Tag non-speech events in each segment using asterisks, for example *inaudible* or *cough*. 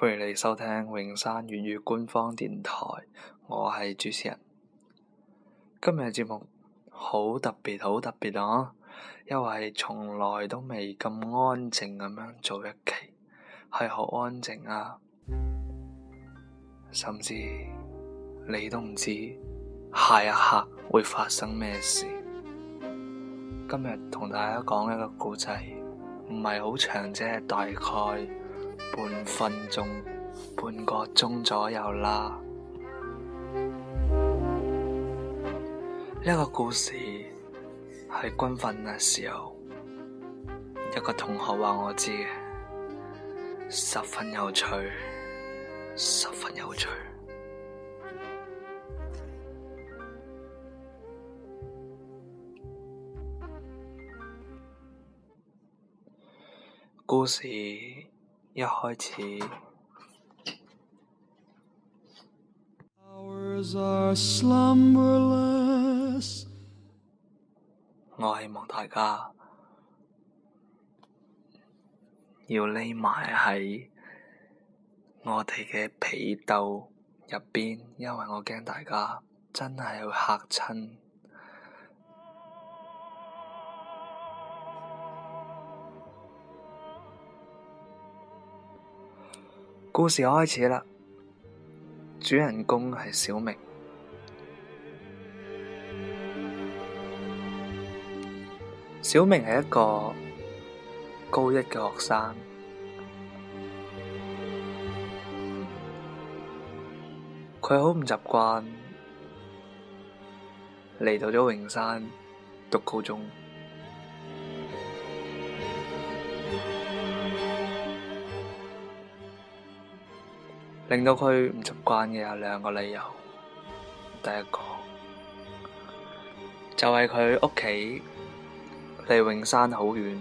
歡迎你收聽永山粵語官方電台，我係主持人。今日節目好特別，好特別啊，哦！因為從來都未咁安靜咁樣做一期，係好安靜啊！甚至你都唔知下一刻會發生咩事。今日同大家講一個故仔，唔係好長啫，大概。半分鐘，半個鐘左右啦。呢、這個故事係軍訓嘅時候，一個同學話我知嘅，十分有趣，十分有趣。故事。一開始，我希望大家要匿埋喺我哋嘅被竇入邊，因為我驚大家真係會嚇親。故事開始啦，主人公係小明。小明係一個高一嘅學生，佢好唔習慣嚟到咗永山讀高中。令到佢唔習慣嘅有兩個理由，第一個就係佢屋企離永山好遠，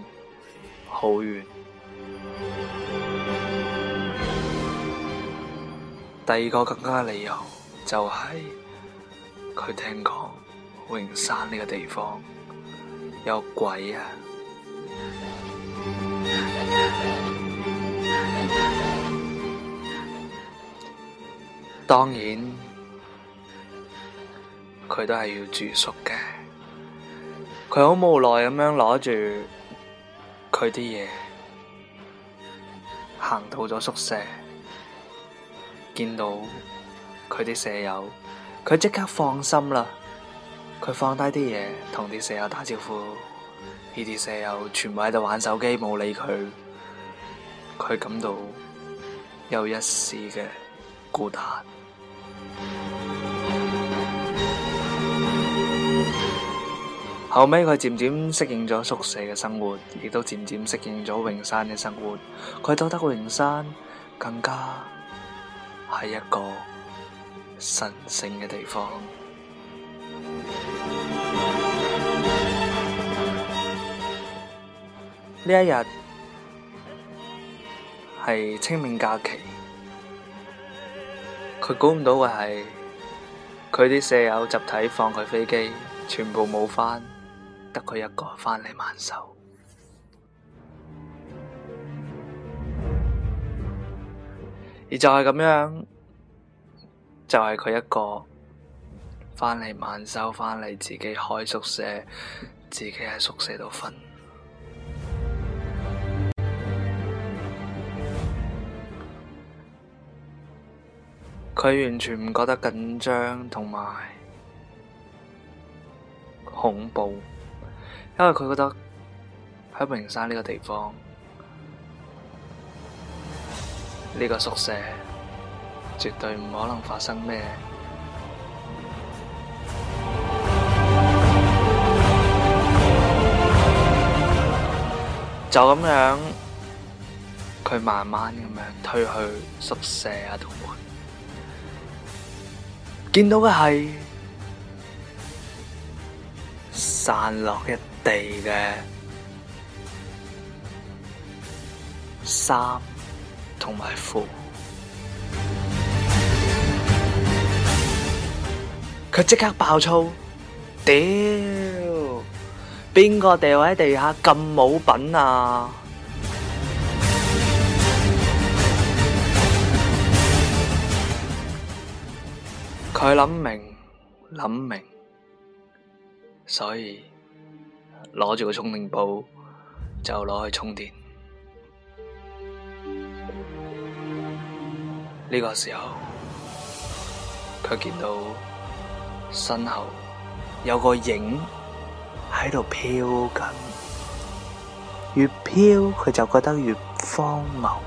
好遠。第二個更加理由就係、是、佢聽講永山呢個地方有鬼啊！當然，佢都係要住宿嘅。佢好無奈咁樣攞住佢啲嘢，行到咗宿舍，見到佢啲舍友，佢即刻放心啦。佢放低啲嘢，同啲舍友打招呼，呢啲舍友全部喺度玩手機，冇理佢。佢感到有一絲嘅孤單。後尾佢漸漸適應咗宿舍嘅生活，亦都漸漸適應咗泳山嘅生活。佢覺得泳山更加係一個神聖嘅地方。呢一日係清明假期。佢估唔到嘅係，佢啲舍友集體放佢飛機，全部冇返，得佢一個返嚟晚修。 *music* 而就係咁樣，就係、是、佢一個返嚟晚修，返嚟自己開宿舍，自己喺宿舍度瞓。佢完全唔覺得緊張同埋恐怖，因為佢覺得喺平山呢個地方呢個宿舍絕對唔可能發生咩，就咁樣佢慢慢咁樣推去宿舍啊度。見到嘅係散落一地嘅衫同埋褲，佢即刻爆粗：屌，邊個掉喺地下咁冇品啊！佢諗明諗明，所以攞住個充電寶就攞去充電。呢 *noise* 個時候，佢見到身後有個影喺度飄緊，越飄佢就覺得越荒謬。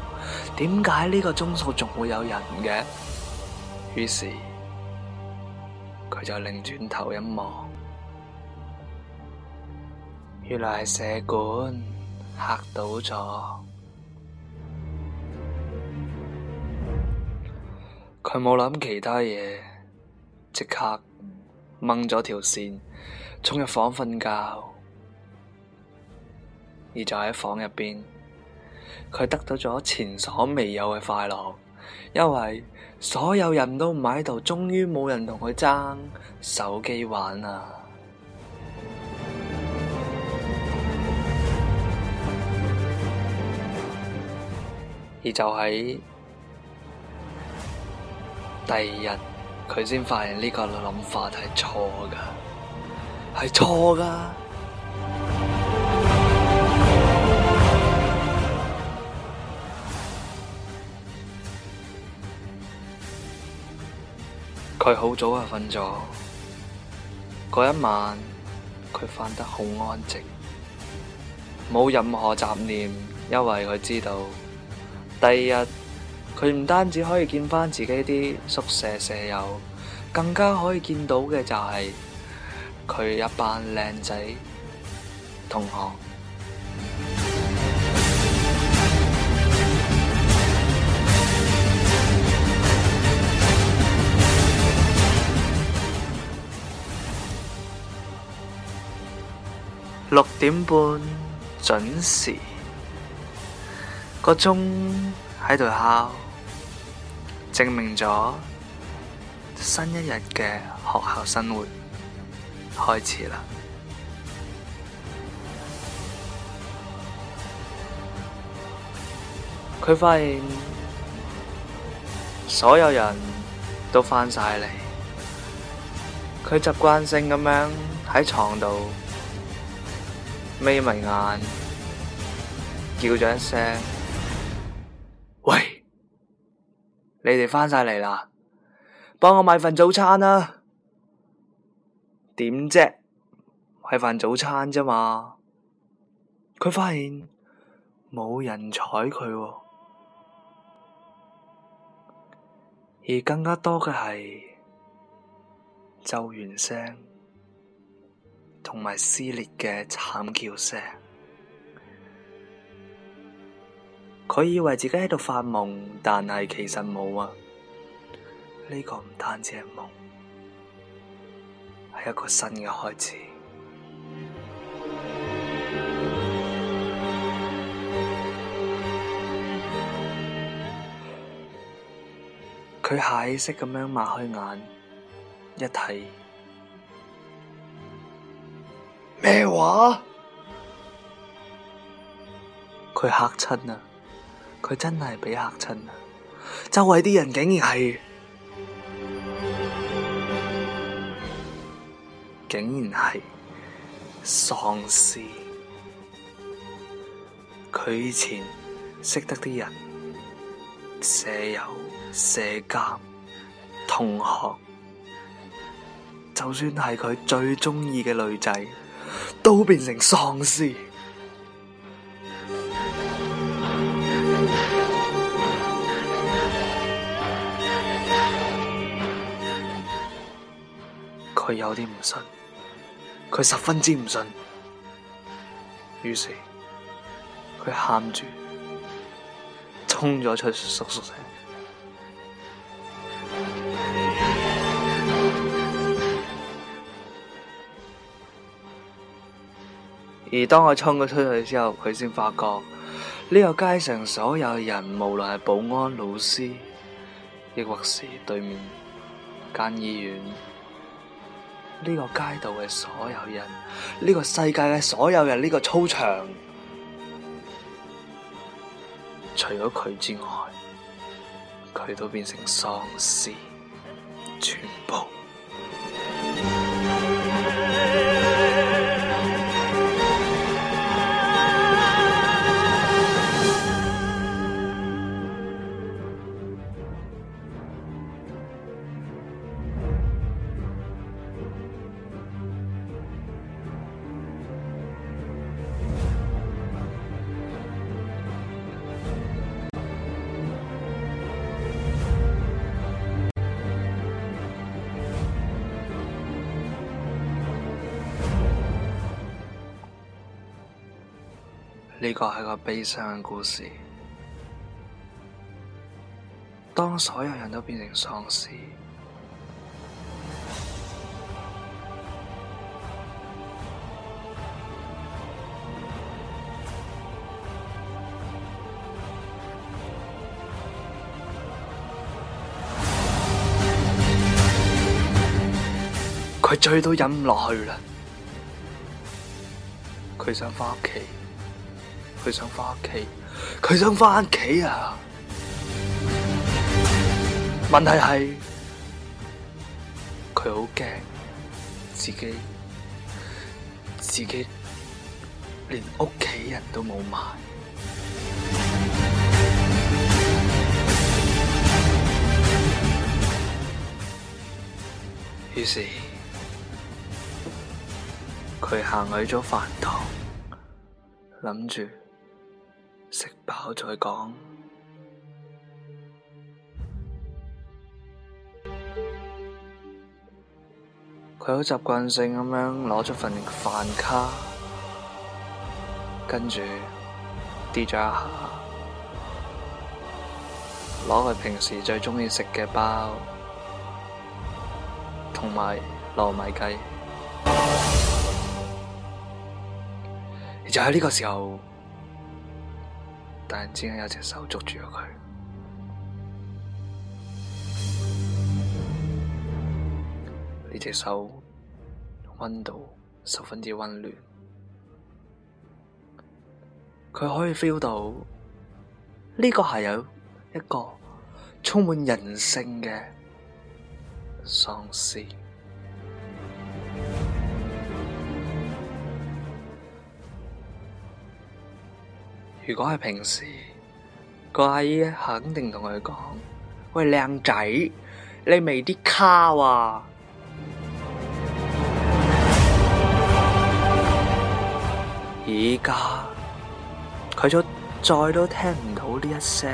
點解呢個鐘數仲會有人嘅？於是。佢就擰轉頭一望，原來係社管嚇到咗，佢冇諗其他嘢，即刻掹咗條線，衝入房瞓覺，而就喺房入邊，佢得到咗前所未有嘅快樂。因為所有人都唔喺度，終於冇人同佢爭手機玩呀。 *music* 而就喺、是、第二日，佢先發現呢個諗法係錯㗎，係錯㗎。 *music* 佢好早就瞓咗，嗰一晚佢瞓得好安靜，冇任何雜念，因為佢知道第二日佢唔單止可以見返自己啲宿舍舍友，更加可以見到嘅就係佢一班靚仔同學。六點半準時，個鐘喺度敲，證明咗新一日嘅學校生活開始啦。佢發現所有人都返晒嚟，佢習慣性咁樣喺床度。眯埋眼，叫咗一聲：喂！你哋返晒嚟啦，幫我買份早餐啦、啊。點啫？買份早餐啫嘛。佢發現冇人睬佢、啊，而更加多嘅係就完聲。同埋撕裂嘅慘叫聲，佢以為自己喺度發夢，但係其實冇啊！呢個唔單止係夢，係一個新嘅開始。佢下意識咁樣擘開眼一睇。咩話？佢嚇親啊！佢真係俾嚇親啊！周圍啲人竟然係，竟然係喪屍！佢以前識得啲人、舍友、舍監、同學，就算係佢最中意嘅女仔，都變成喪屍，佢有啲唔信，佢十分之唔信，於是佢喊住衝咗出叔叔仔。而當我衝咗出去之後，佢先發覺呢個街上所有人，無論係保安、老師，亦或是對面間醫院，呢個街道嘅所有人，呢個世界嘅所有人，呢個操場，除咗佢之外，佢都變成喪屍，全部。呢個係個悲傷嘅故事。當所有人都變成喪屍，佢醉都飲唔落去啦。佢想返屋企。佢想翻屋企，佢想翻屋企啊！問題係，佢好驚自己，自己連屋企人都冇埋。於 *music* 是佢行去咗飯堂，諗住。食飽再講，佢好習慣性咁樣攞咗份飯卡，跟住跌咗一下，攞佢平時最鍾意食嘅包，同埋糯米雞， *noise* 就喺呢個時候。但係之間有一隻手捉住咗佢，呢隻手温度十分之温暖，佢可以 feel 到呢個係有一個充滿人性嘅喪屍。如果係平時，個阿姨肯定同佢講：喂，靚仔，你未啲卡啊！而家佢再都聽唔到呢一聲。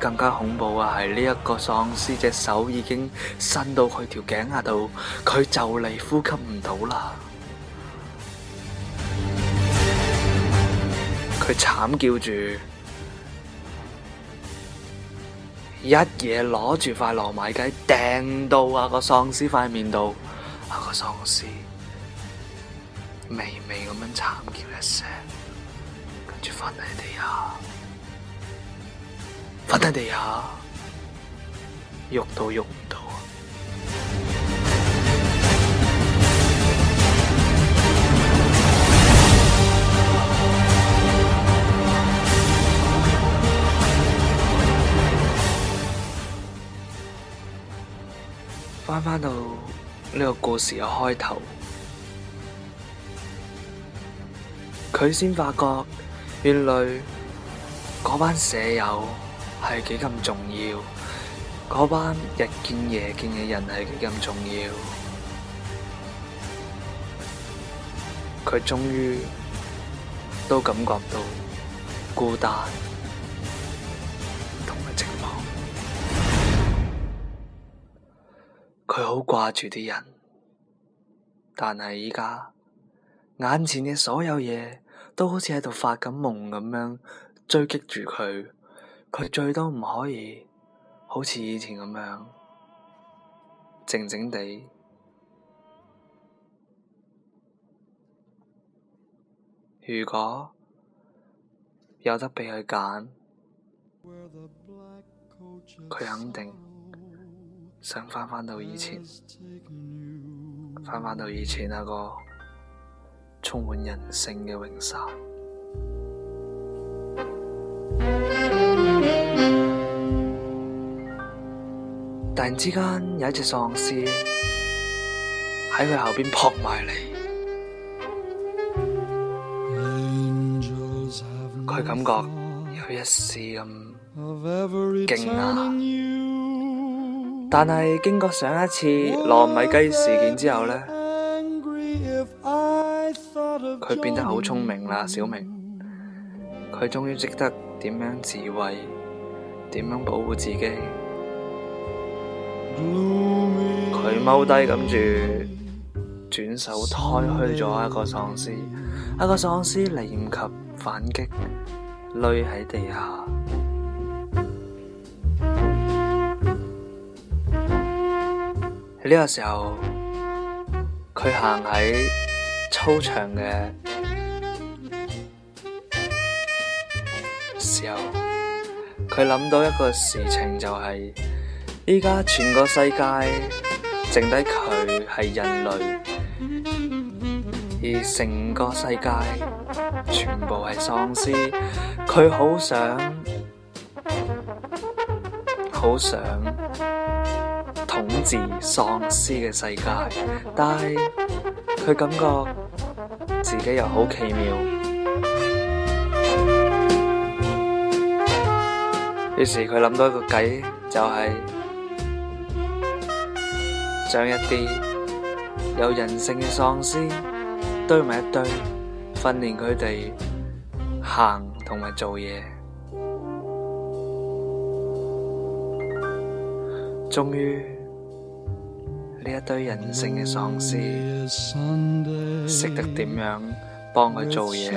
更加恐怖嘅係，呢、這、一個喪屍隻手已經伸到佢條頸啊度，佢就嚟呼吸唔到啦。佢慘叫住，一嘢攞住塊糯米雞掟到啊個喪屍塊面度，啊個喪屍微微咁樣慘叫一聲，跟住瞓喺地下，瞓喺地下，喐都喐唔到。翻返到呢個故事嘅開頭，佢先發覺原來嗰班舍友係幾咁重要，嗰班日見夜見嘅人係幾咁重要，佢終於都感覺到孤單。佢好掛住啲人，但係而家眼前嘅所有嘢,都好似喺度發緊夢咁樣追擊住佢，佢最都唔可以好似以前咁樣靜靜地。如果有得畀佢揀，佢肯定。想翻返到以前，翻返到以前那個充滿人性嘅泳池。 *music* 突然之間有一隻喪屍喺佢後邊撲埋嚟，佢感覺有一絲咁驚嚇。但係經過上一次糯米雞事件之後呢，佢變得好聰明啦，小明。佢終於識得點樣自衛，點樣保護自己。佢踎低，跟住轉手推開咗一個喪屍，一個喪屍嚟唔及反擊，累喺地下。呢個時候，佢行喺操場嘅時候，佢諗到一個事情，就係，就係而家全個世界剩低佢係人類，而成個世界全部係喪屍，佢好想，好想。自喪屍嘅世界，但係佢感覺自己又好奇妙。於是佢諗到一個計，就係將一啲有人性嘅喪屍堆埋一堆，訓練佢哋行同埋做嘢。終於。呢一堆人性嘅喪屍，識得點樣幫佢做嘢。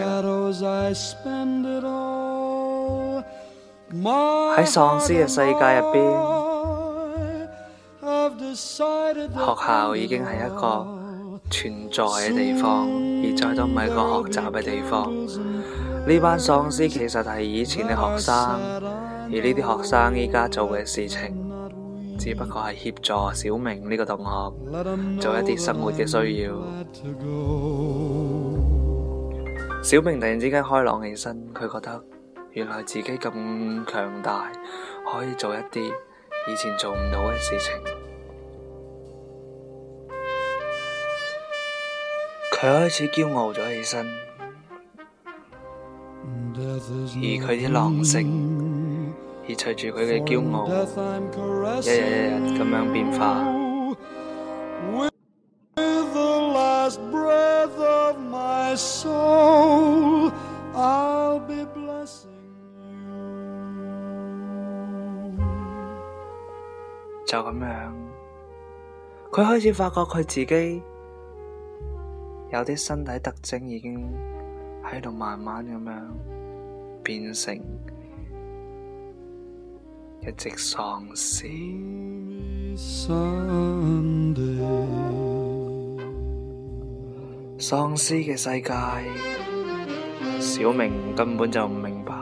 喺喪屍嘅世界入邊，學校已經係一個存在嘅地方，而再都唔係一個學習嘅地方。呢班喪屍其實係以前嘅學生，而呢啲學生依家做嘅事情。只不過係協助小明呢個同學做一啲生活嘅需要。小明突然之間開朗起身，佢覺得原來自己咁強大，可以做一啲以前做唔到嘅事情。佢開始驕傲咗起身，而佢啲狼性。而隨住佢嘅驕傲，一 *music* 日一日咁樣變化。 *music* 就咁樣，佢開始發覺佢自己有啲身體特徵已經喺度慢慢咁樣變成。一直喪屍，喪屍嘅世界，小明根本就唔明白。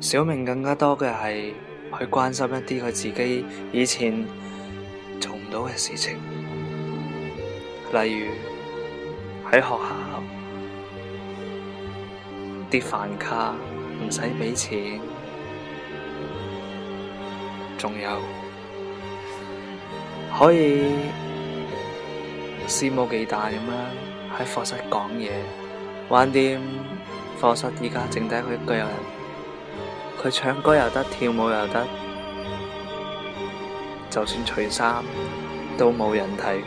小明更加多嘅係去關心一啲佢自己以前做唔到嘅事情。例如喺學校啲飯卡唔使畀錢，仲有可以肆無忌憚咁樣喺課室講嘢，橫掂課室而家淨低佢一個人，佢唱歌又得，跳舞又得，就算除衫都冇人睇。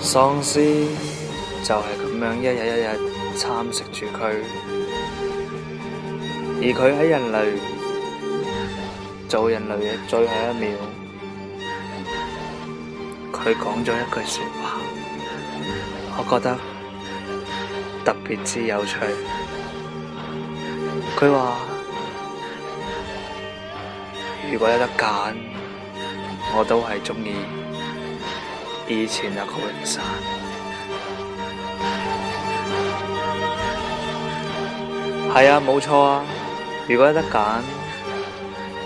喪屍就係咁樣一日一日蠶食住佢，而佢喺人類做人類嘅最後一秒，佢講咗一句說話，我覺得特別之有趣。佢話。如果有得揀，我都係鍾意以前那個永山。係啊，冇錯啊。如果有得揀，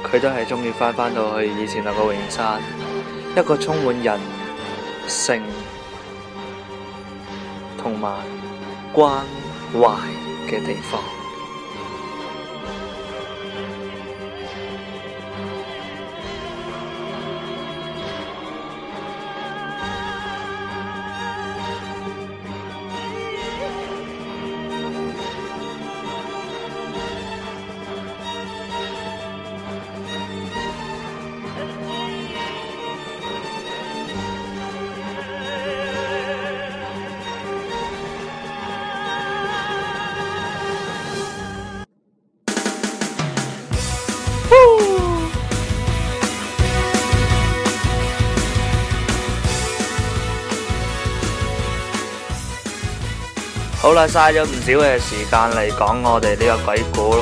佢都係鍾意翻返到去以前那個永山，一個充滿人性同埋關懷嘅地方。嘥咗唔少嘅時間嚟講我哋呢個鬼故，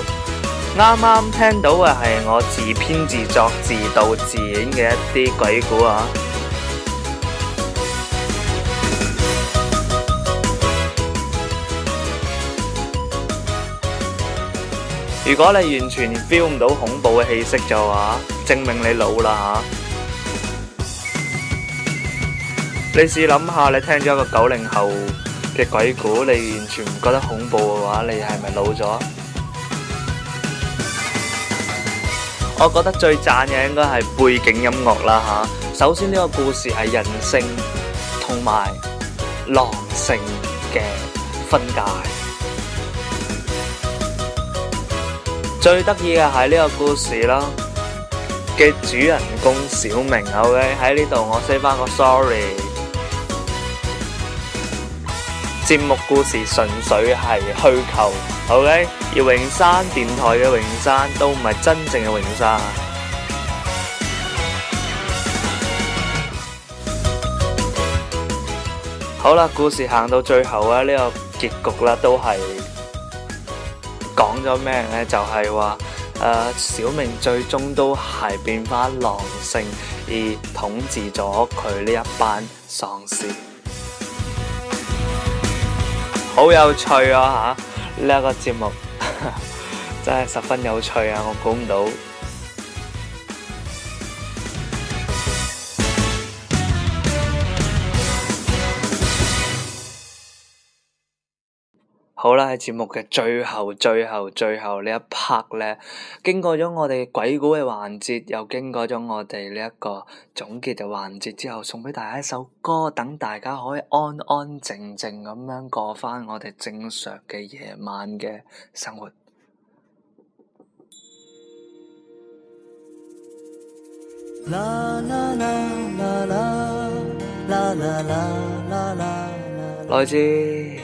啱啱聽到嘅係我自編自作自導自演嘅一啲鬼故啊！如果你完全 feel 唔到恐怖嘅氣息就話，證明你老啦吓、啊！你試諗下，你聽咗一個九零後。嘅鬼故，你完全唔覺得恐怖嘅話，你係咪老咗？我覺得最讚嘅應該係背景音樂啦嚇。首先呢個故事係人性同埋狼性嘅分界。最得意嘅係呢個故事啦嘅主人公小明，OK，喺呢度我 say 返個 sorry。節目故事純粹係虛構，OK？而永山電台嘅永山都唔係真正嘅永山。 *music* 好啦，故事行到最後啊，呢、這個結局啦都係講咗咩呢？就係、是、話，誒、呃，小明最終都係變翻狼性，而統治咗佢呢一班喪屍。好有趣啊！嚇、這個，呢一個節目真係十分有趣啊！我估唔到。好啦，喺節目嘅最後、最後、最後呢一 part 呢，經過咗我哋鬼故嘅環節，又經過咗我哋呢一個總結嘅環節之後，送畀大家一首歌，等大家可以安安靜靜咁樣過返我哋正常嘅夜晚嘅生活。啦啦啦啦啦啦啦啦啦啦，來自。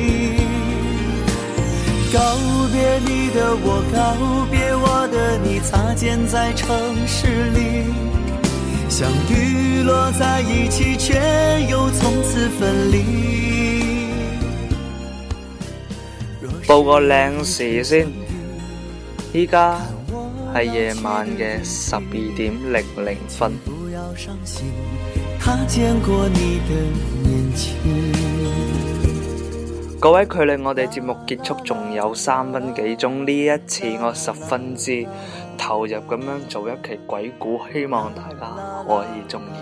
報個靚時先，依家係夜晚嘅十二點零零分。各位，距離我哋節目結束，仲有三分幾鐘。呢一次我十分之投入咁樣做一期鬼故，希望大家可以中意。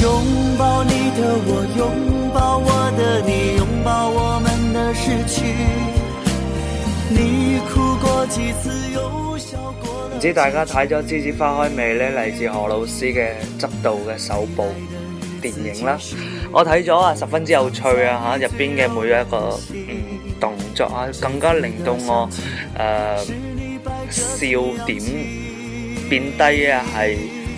唔知大家睇咗《梔子花開》未呢？嚟自何老師嘅執導嘅首部電影啦，我睇咗啊，十分之有趣啊吓，入邊嘅每一個嗯動作啊，更加令到我誒、呃、笑點變低啊，係。